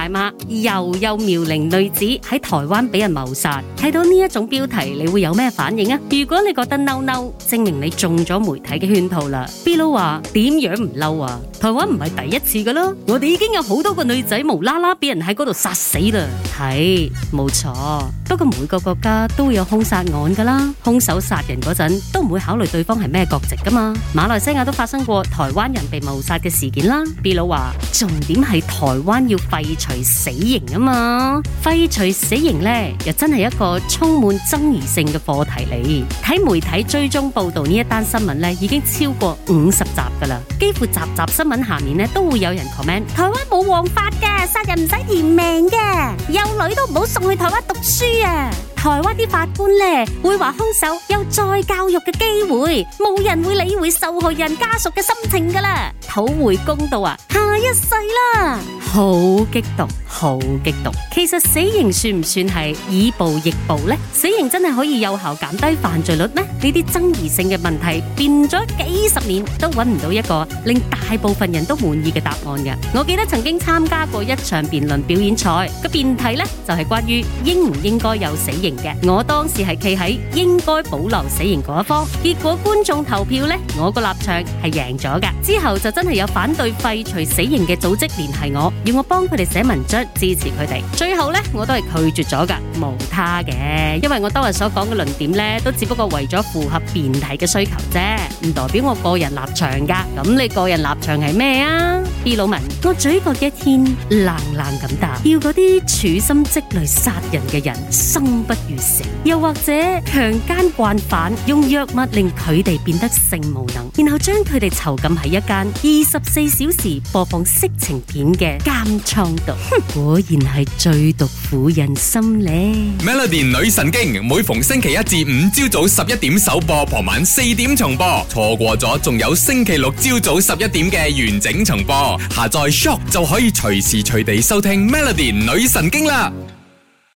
大馬又有妙齡女子喺台灣俾人謀殺，睇到呢一種標題你會有咩反應啊？如果你覺得嬲嬲，證明你中咗媒體嘅圈套啦。Billu 話點樣唔嬲啊？台灣唔係第一次噶啦，我哋已經有好多個女仔無啦啦俾人喺嗰度殺死啦。係冇錯，不過每個國家都有凶殺案噶啦，凶手殺人嗰陣都唔會考慮對方係咩國籍噶嘛。馬來西亞都發生過台灣人被謀殺嘅事件啦。Billu 話重點係台灣要廢除。廢除死刑啊嘛，廢除死刑咧，又真係一個充滿爭議性嘅課題嚟。睇媒體追蹤報道呢一單新聞咧，已經超過五十集噶啦，幾乎集集新聞下面咧都會有人 comment：台灣冇王法嘅，殺人唔使填命嘅，有女都唔好送去台灣讀書啊！台灣啲法官咧會話兇手有再教育嘅機會，冇人會理會受害人家屬嘅心情噶啦，討回公道啊！一世啦，好激動，好激動。其實死刑算唔算係以暴易暴呢？死刑真係可以有效減低犯罪率咩？呢啲爭議性嘅問題，變咗幾十年都揾唔到一個令大部分人都滿意嘅答案嘅。我記得曾經參加過一場辯論表演賽，個辯題呢就係關於應唔應該有死刑嘅。我當時係企喺應該保留死刑嗰一方，結果觀眾投票呢，我個立場係贏咗嘅。之後就真係有反對廢除死。型嘅組織聯繫我，要我幫佢哋寫文章支持佢哋，最後呢，我都係拒絕咗噶，無他嘅，因為我當日所講嘅論點呢，都只不過為咗符合辯題嘅需求啫，唔代表我個人立場噶。咁你個人立場係咩啊？b 老文，我嘴角嘅天冷冷咁答，要嗰啲處心積慮殺人嘅人生不如死，又或者強奸慣犯用藥物令佢哋變得性無能，然後將佢哋囚禁喺一間二十四小時播放。色情片嘅奸窗毒，果然係最毒婦人心呢。Melody 女神經，每逢星期一至五朝早十一點首播，傍晚四點重播，錯過咗仲有星期六朝早十一點嘅完整重播。下載 Shock 就可以隨時隨地收聽 Melody 女神經啦。